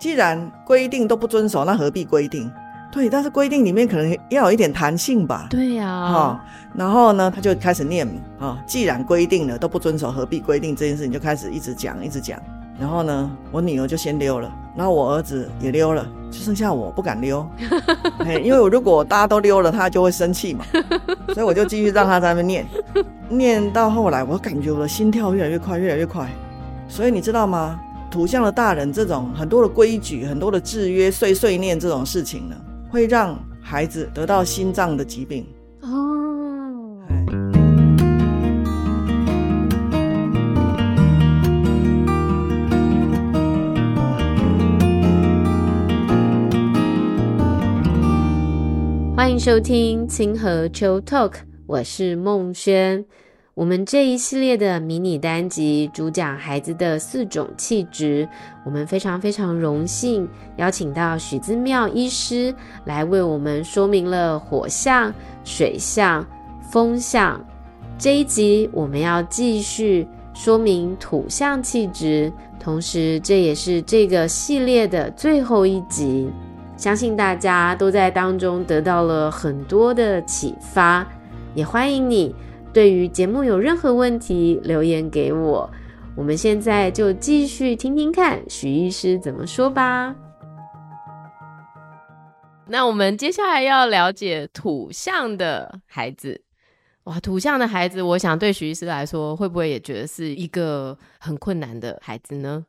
既然規定都不遵守，那何必規定？對，但是規定裡面可能要有一點彈性吧。對呀、啊，哈、哦。然後呢，他就開始念嘛、哦，既然規定了都不遵守，何必規定這件事情，就開始一直講，一直講。然後呢，我女兒就先溜了，然後我兒子也溜了，就剩下我不敢溜， 因為我如果大家都溜了，他就會生氣嘛。所以我就繼續讓他在那邊念， 念到後來，我感覺我的心跳越來越快，越來越快。所以你知道嗎？土相的大人，這種很多的規矩、很多的制約、碎碎念這種事情呢，會讓孩子得到心臟的疾病。哦，歡迎收聽清和秋 Talk，我是孟軒。我們這一系列的迷你單集主講孩子的四種氣質，我們非常非常榮幸邀請到許姿妙醫師來為我們說明了火相、水相、風相。這一集我們要繼續說明土相氣質，同時這也是這個系列的最後一集。相信大家都在當中得到了很多的啟發，也歡迎你對於節目有任何問題，留言給我。我們現在就繼續聽聽看許醫師怎麼說吧。那我們接下來要了解土相的孩子。哇，土相的孩子，我想對許醫師來說，會不會也覺得是一個很困難的孩子呢？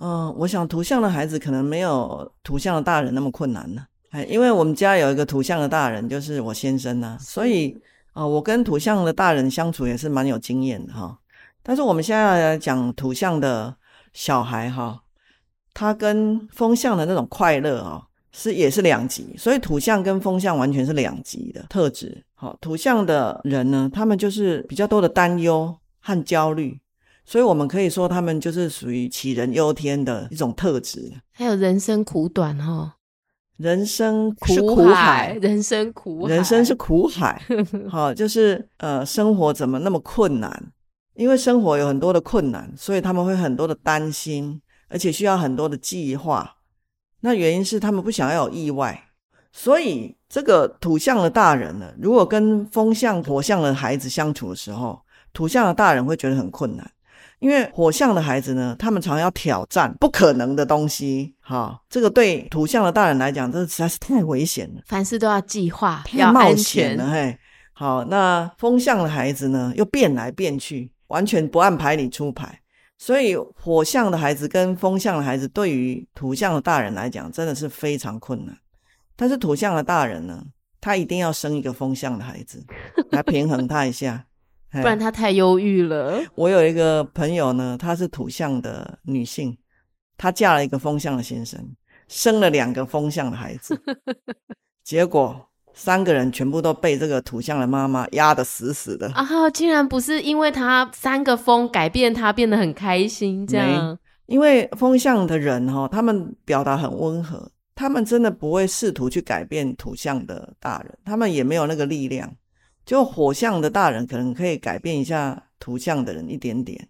嗯，我想土相的孩子可能沒有土相的大人那麼困難呢，哎，因為我們家有一個土相的大人，就是我先生呢、啊，所以。啊、哦，我跟土相的大人相處也是蠻有經驗的哈、哦，但是我們現在講土相的小孩哈、哦，他跟風相的那種快樂啊、哦，是也是兩極，所以土相跟風相完全是兩極的特質。哈、哦，土相的人呢，他們就是比較多的擔憂和焦慮，所以我們可以說他們就是屬於杞人憂天的一種特質，還有人生苦短哈、哦。人生,是苦海苦海人生苦海，人生苦，人生是苦海。好、 哦，就是呃，生活怎麼那麼困難？因為生活有很多的困難，所以他們會很多的擔心，而且需要很多的計劃。那原因是他們不想要有意外，所以這個土相的大人呢，如果跟風相、火相的孩子相處的時候，土相的大人會覺得很困難。因為火相的孩子呢，他們常常要挑戰不可能的東西，哈，這個對土相的大人來講，這實在是太危險了。凡事都要計劃，要冒險了，嘿。好，那風相的孩子呢，又變來變去，完全不按牌理出牌。所以火相的孩子跟風相的孩子，對於土相的大人來講，真的是非常困難。但是土相的大人呢，他一定要生一個風相的孩子來平衡他一下。 不然她太憂鬱了、哎。我有一個朋友呢，她是土象的女性，她嫁了一個風象的先生，生了兩個風象的孩子， 結果三個人全部都被這個土象的媽媽壓得死死的。啊哈，竟然不是因為她三個風改變她變得很開心這樣？因為風象的人哈、哦，他們表達很溫和，他們真的不會試圖去改變土象的大人，他們也沒有那個力量。就火相的大人可能可以改變一下土相的人一點點，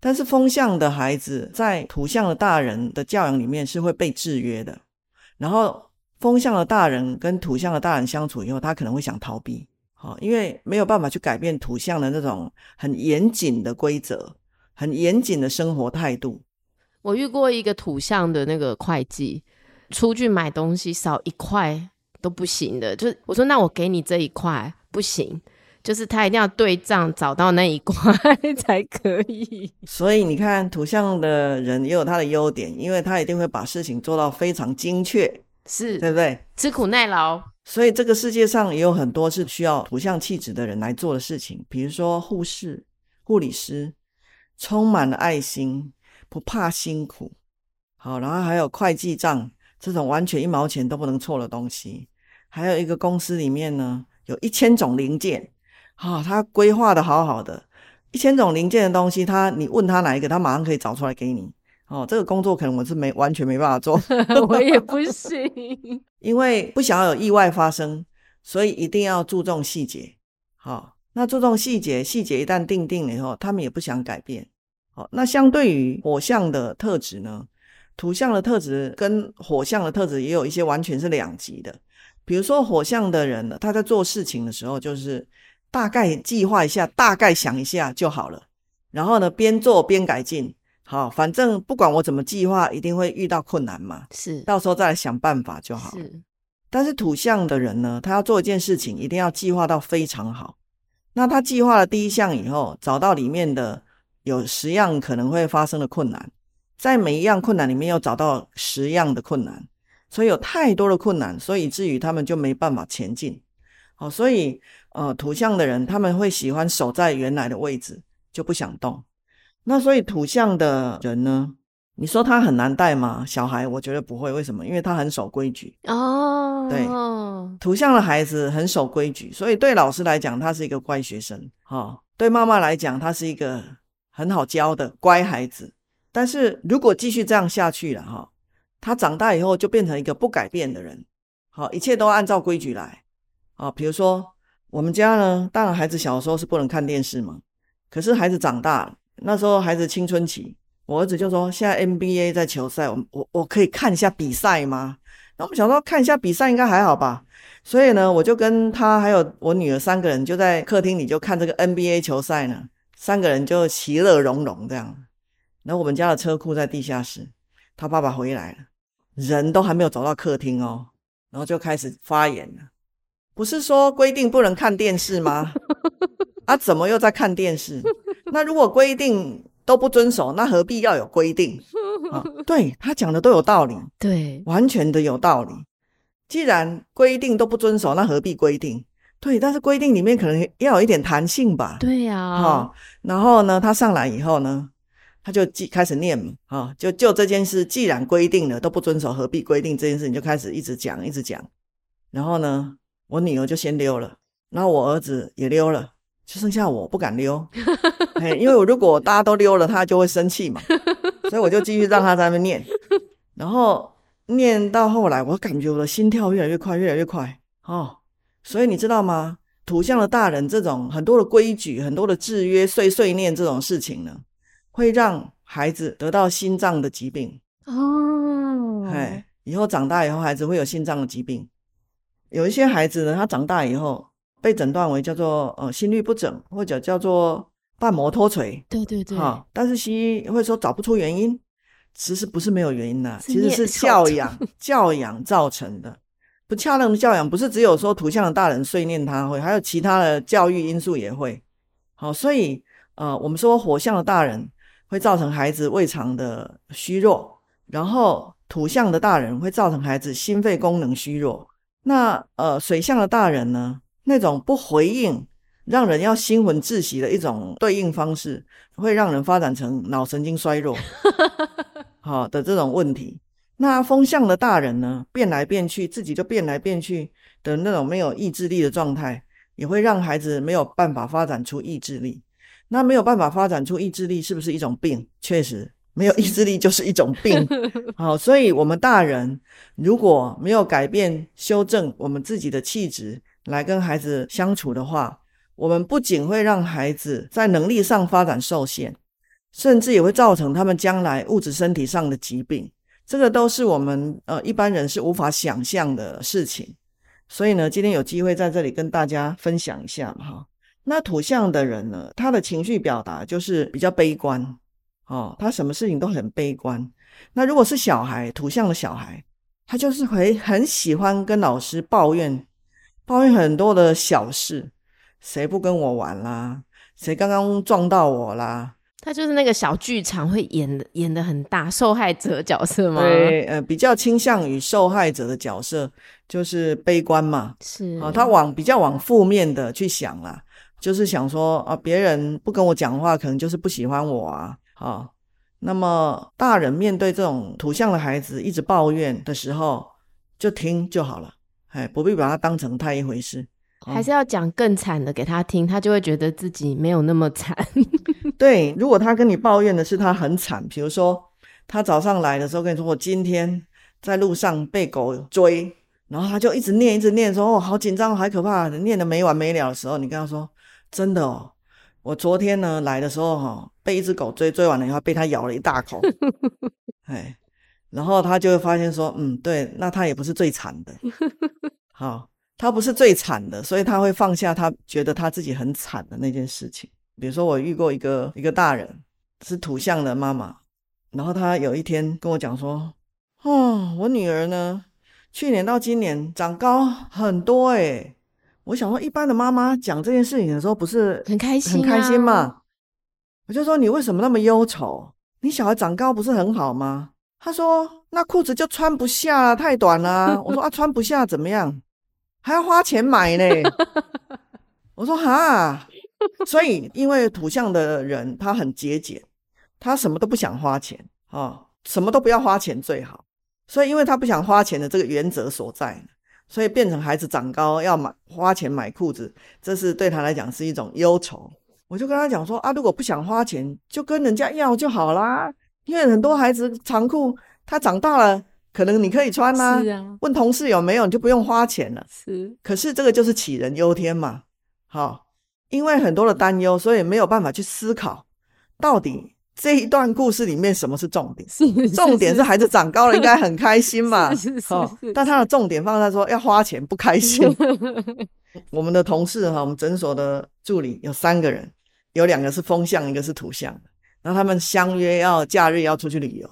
但是風相的孩子在土相的大人的教養裡面是會被制約的。然後風相的大人跟土相的大人相處以後，他可能會想逃避。好，因為沒有辦法去改變土相的那種很嚴謹的規則、很嚴謹的生活態度。我遇過一個土相的那個會計，出去買東西少一塊都不行的，就我說那我給你這一塊。不行，就是他一定要對賬，找到那一塊才可以。所以你看，土相的人也有他的優點，因為他一定會把事情做到非常精確，是對不對？吃苦耐勞。所以這個世界上也有很多是需要土相氣質的人來做的事情，比如說護士、護理師，充滿了愛心，不怕辛苦。好，然後還有會計賬這種完全一毛錢都不能錯的東西。還有一個公司裡面呢，有一千種零件。啊、哦，他規劃得好好的，一千種零件的東西他、他你問他哪一個，他馬上可以找出來給你。哦，這個工作可能我是沒完全沒辦法做， 我也不行，因為不想要有意外發生，所以一定要注重細節。好、哦，那注重細節，細節一旦定定了以後，他們也不想改變。哦，那相對於火相的特質呢，土相的特質跟火相的特質也有一些完全是兩極的。比如說火相的人呢，他在做事情的時候，就是大概計劃一下，大概想一下就好了。然後呢，邊做邊改進。好、哦，反正不管我怎麼計劃，一定會遇到困難嘛。是，到時候再來想辦法就好。是。但是土相的人呢，他要做一件事情，一定要計劃到非常好。那他計劃了第一項以後，找到裡面的有十樣可能會發生的困難，在每一樣困難裡面又找到十樣的困難。所以有太多的困難，所以以至於他們就沒辦法前進。哦，所以呃，土相的人他們會喜歡守在原來的位置，就不想動。那所以土相的人呢，你說他很難帶嗎？小孩，我覺得不會。為什麼？因為他很守規矩。哦、oh.，對，土相的孩子很守規矩，所以對老師來講他是一個乖學生。哈、哦，對媽媽來講他是一個很好教的乖孩子。但是如果繼續這樣下去了，哈、哦。他長大以後就變成一個不改變的人，好，一切都按照規矩來，好，比如說我們家呢，當然孩子小時候是不能看電視嘛，可是孩子長大了，那時候孩子青春期，我兒子就說：“現在 NBA 在球賽，我我我可以看一下比賽嗎？”那我們想說看一下比賽應該還好吧，所以呢，我就跟他還有我女兒三個人就在客廳裡就看這個 NBA 球賽呢，三個人就其樂融融這樣。然後我們家的車庫在地下室，他爸爸回來了。人都還沒有走到客廳哦，然後就開始發言了。不是說規定不能看電視嗎？ 啊，怎麼又在看電視？那如果規定都不遵守，那何必要有規定？哦，對，他講的都有道理，對，完全的有道理。既然規定都不遵守，那何必規定？對，但是規定裡面可能要有一點彈性吧？對呀，啊，哈、哦。然後呢，他上來以後呢？他就即開始念嘛，哈、哦，就就這件事，既然規定了都不遵守，何必規定這件事？你就開始一直講，一直講。然後呢，我女兒就先溜了，然後我兒子也溜了，就剩下我不敢溜，哎、因為如果大家都溜了，他就會生氣嘛。所以我就繼續讓他在那邊念。然後念到後來，我感覺我的心跳越來越快，越來越快，哦。所以你知道嗎？土相的大人這種很多的規矩，很多的制約，碎碎念這種事情呢。會讓孩子得到心臟的疾病哦，哎、oh.，以後長大以後，孩子會有心臟的疾病。有一些孩子呢，他長大以後被診斷為叫做呃心律不整，或者叫做瓣膜脫垂。對對對，好、哦，但是西醫會說找不出原因，其實不是沒有原因的、啊，其實是教養 教養造成的，不恰當的教養，不是只有說土相的大人碎念他會，還有其他的教育因素也會。好、哦，所以呃，我們說火象的大人。會造成孩子胃腸的虛弱，然後土相的大人會造成孩子心肺功能虛弱。那呃水相的大人呢，那種不回應，讓人要心魂窒息的一種對應方式，會讓人發展成腦神經衰弱，好、 哦、的這種問題。那風相的大人呢，變來變去，自己就變來變去的那種沒有意志力的狀態，也會讓孩子沒有辦法發展出意志力。那沒有辦法發展出意志力，是不是一種病？確實，沒有意志力就是一種病。好，所以，我們大人如果沒有改變、修正我們自己的氣質來跟孩子相處的話，我們不僅會讓孩子在能力上發展受限，甚至也會造成他們將來物質、身體上的疾病。這個都是我們呃一般人是無法想象的事情。所以呢，今天有機會在這裡跟大家分享一下哈。那土相的人呢？他的情緒表達就是比較悲觀哦，他什麼事情都很悲觀。那如果是小孩，土相的小孩，他就是會很喜歡跟老師抱怨，抱怨很多的小事，誰不跟我玩啦？誰剛剛撞到我啦？他就是那個小劇場會演的，演的很大，受害者角色嘛？對，呃，比較傾向於受害者的角色，就是悲觀嘛，是啊、哦，他往比較往負面的去想啦。就是想說啊，別人不跟我講話，可能就是不喜歡我啊。啊、哦，那麼大人面對這種土相的孩子一直抱怨的時候，就聽就好了，嘿，不必把它當成太一回事。嗯、還是要講更慘的給他聽，他就會覺得自己沒有那麼慘。 對，如果他跟你抱怨的是他很慘，比如說他早上來的時候跟你說我今天在路上被狗追，然後他就一直念一直念說哦好緊張好還可怕，念得沒完沒了的時候，你跟他說。真的哦，我昨天呢來的時候哈、哦，被一隻狗追，追完了以後被它咬了一大口，哎， 然後他就會發現說，嗯，對，那他也不是最慘的，好，他不是最慘的，所以他會放下他覺得他自己很慘的那件事情。比如說我遇過一個一個大人，是土相的媽媽，然後他有一天跟我講說，哦，我女兒呢，去年到今年長高很多哎。我想說，一般的媽媽講這件事情的時候，不是很開心很開心嘛、啊。我就說你為什麼那麼憂愁？你小孩長高不是很好嗎？他說那褲子就穿不下、啊、太短了、啊。 我說啊，穿不下怎麼樣？還要花錢買嘞。 我說哈，所以因為土相的人他很節儉，他什麼都不想花錢啊、哦，什麼都不要花錢最好。所以因為他不想花錢的這個原則所在。所以變成孩子長高要買花錢買褲子，這是對他來講是一種憂愁。我就跟他講說啊，如果不想花錢，就跟人家要就好啦。因為很多孩子長褲，他長大了可能你可以穿啦、啊啊。問同事有沒有，你就不用花錢了。是，可是這個就是杞人憂天嘛。好、哦，因為很多的擔憂，所以沒有辦法去思考到底。這一段故事裡面，什麼是重點？是是是，重點是孩子長高了，應該很開心嘛。是是是哦、是是是，但他的重點放在說要花錢不開心。是是是。我們的同事哈，我們診所的助理有三個人，有兩個是風象，一個是土象。然後他們相約要假日要出去旅遊，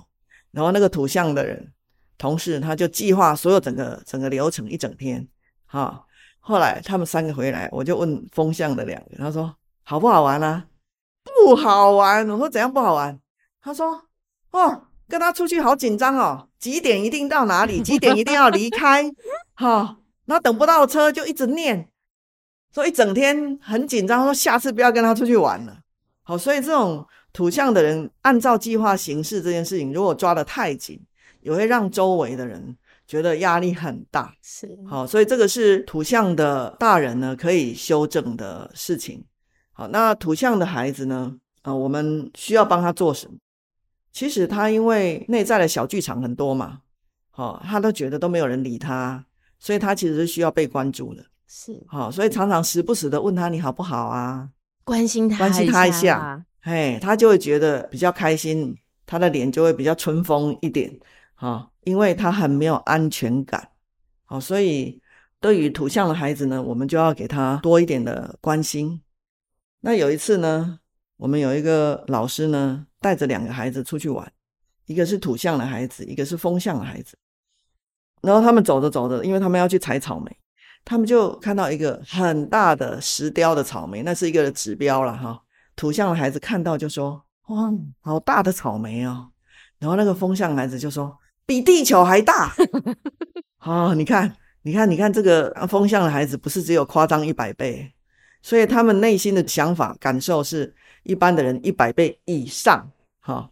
然後那個土象的人同事他就計劃所有整個整個流程一整天。哈、哦，後來他們三個回來，我就問風象的兩個，他說好不好玩啊？不好玩，我說怎樣不好玩？他說哦，跟他出去好緊張哦，幾點一定到哪裡，幾點一定要離開，哈、 哦，那等不到車就一直念，說一整天很緊張，說下次不要跟他出去玩了。好、哦，所以這種土相的人按照計劃行事這件事情，如果抓得太緊，也會讓周圍的人覺得壓力很大。是，好、哦，所以這個是土相的大人呢，可以修正的事情。好，那土相的孩子呢？啊、呃，我們需要幫他做什麼？其實他因為內在的小劇場很多嘛，哦，他都覺得都沒有人理他，所以他其實是需要被關注的。是，好、哦，所以常常時不時的問他你好不好啊，關心他一下，關心他一下、啊，嘿，他就會覺得比較開心，他的臉就會比較春風一點，哈、哦，因為他很沒有安全感。哦，所以對於土相的孩子呢，我們就要給他多一點的關心。那有一次呢，我們有一個老師呢，帶着兩個孩子出去玩，一個是土象的孩子，一個是風象的孩子。然後他們走着走着，因為他們要去採草莓，他們就看到一個很大的石雕的草莓，那是一個指標啦哈，哦，土象的孩子看到就說：“哇，好大的草莓哦！”然後那個風象的孩子就說：“比地球還大！”哦，你看，你看，你看，這個風象的孩子不是只有誇張一百倍。所以他們內心的想法感受是一般的人一百倍以上，哈。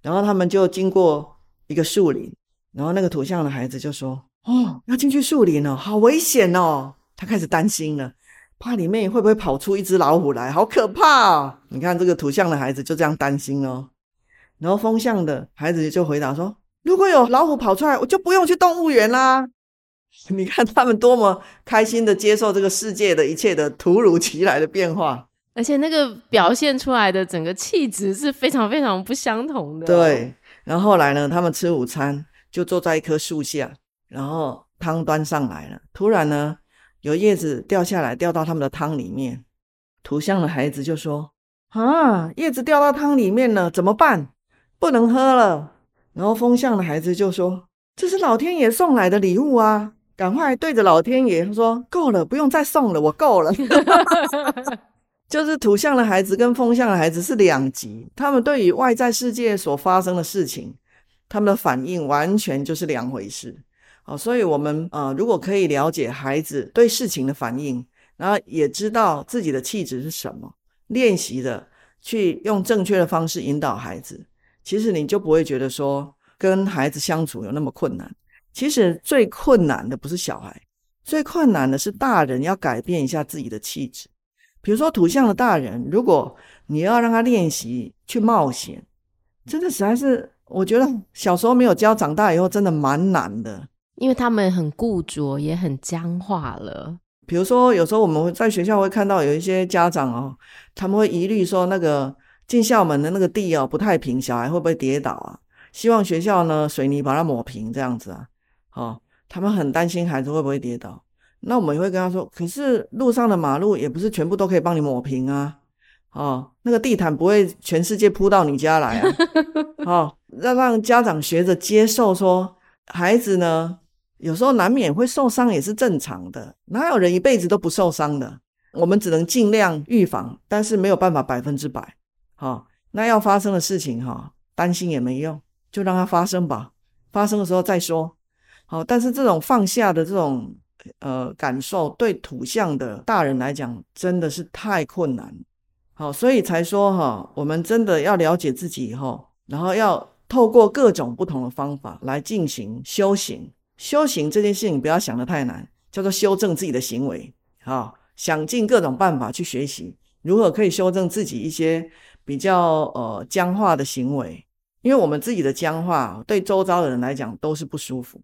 然後他們就經過一個樹林，然後那個土相的孩子就說：“哦，要進去樹林哦，好危險哦。”他開始擔心了，怕裡面會不會跑出一隻老虎來，好可怕哦，你看這個土相的孩子就這樣擔心哦。然後風相的孩子就回答說：“如果有老虎跑出來，我就不用去動物園啦、啊。”你看他們多麼開心的接受這個世界的一切的突如其來的變化，而且那個表現出來的整個氣質是非常非常不相同的啊。對，然後後來呢，他們吃午餐就坐在一棵樹下，然後湯端上來了，突然呢有葉子掉下來掉到他們的湯裡面，土相的孩子就說：“啊，葉子掉到湯裡面了，怎麼辦？不能喝了。”然後風相的孩子就說：“這是老天爺送來的禮物啊。”趕快對着老天爺說：“夠了，不用再送了，我夠了。 ”就是土象的孩子跟風象的孩子是兩極，他們對於外在世界所發生的事情，他們的反應完全就是兩回事。哦，所以我們呃，如果可以了解孩子對事情的反應，然後也知道自己的氣質是什麼，練習著去用正確的方式引導孩子，其實你就不會覺得說跟孩子相處有那麼困難。其實最困難的不是小孩，最困難的是大人要改變一下自己的氣質。比如說土相的大人，如果你要讓他練習去冒險，真的實在是我覺得小時候沒有教，長大以後真的蠻難的，因為他們很固着，也很僵化了。比如說有時候我們在學校會看到有一些家長哦，他們會疑慮說那個進校門的那個地哦不太平，小孩會不會跌倒啊？希望學校呢水泥把它抹平這樣子啊。哦，他們很擔心孩子會不會跌倒。那我們也會跟他說，可是路上的馬路也不是全部都可以幫你抹平啊，哦，那個地毯不會全世界鋪到你家來啊。好、哦，要讓家長學着接受說，說孩子呢，有時候難免會受傷也是正常的，哪有人一輩子都不受傷的？我們只能儘量預防，但是沒有辦法百分之百。好、哦，那要發生的事情，哈，擔心也沒用，就讓它發生吧，發生的時候再說。好，但是這種放下的這種呃感受，對土相的大人來講，真的是太困難。好，所以才說哈，我們真的要了解自己以後，然後要透過各種不同的方法來進行修行。修行這件事情，不要想得太難，叫做修正自己的行為。好，想盡各種辦法去學習如何可以修正自己一些比較呃僵化的行為，因為我們自己的僵化，對周遭的人來講都是不舒服。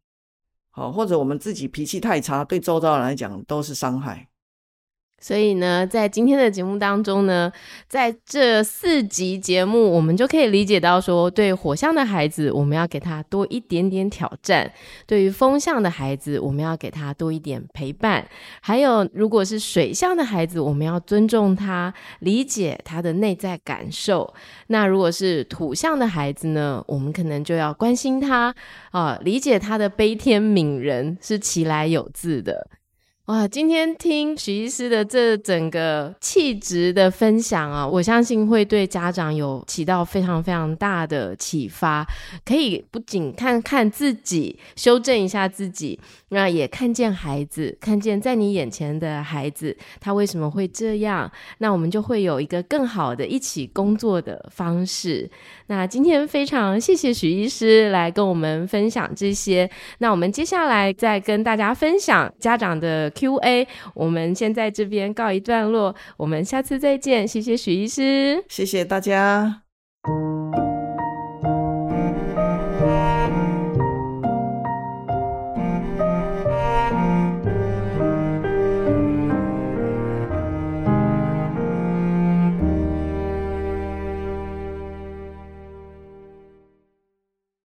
或者我們自己脾氣太差，對周遭人來講都是傷害。所以呢，在今天的節目當中呢，在這四集節目，我們就可以理解到說，對火象的孩子，我們要給他多一點點挑戰；對於風象的孩子，我們要給他多一點陪伴；還有，如果是水象的孩子，我們要尊重他，理解他的內在感受。那如果是土象的孩子呢，我們可能就要關心他啊、呃，理解他的悲天憫人是其來有自的。哇，今天聽許醫師的這整個氣質的分享啊，我相信會對家長有起到非常非常大的啟發，可以不僅看看自己，修正一下自己。那也看見孩子，看見在你眼前的孩子，他為什麼會這樣？那我們就會有一個更好的一起工作的方式。那今天非常謝謝許醫師來跟我們分享這些。那我們接下來再跟大家分享家長的 QA。我們先在這邊告一段落，我們下次再見。謝謝許醫師，謝謝大家。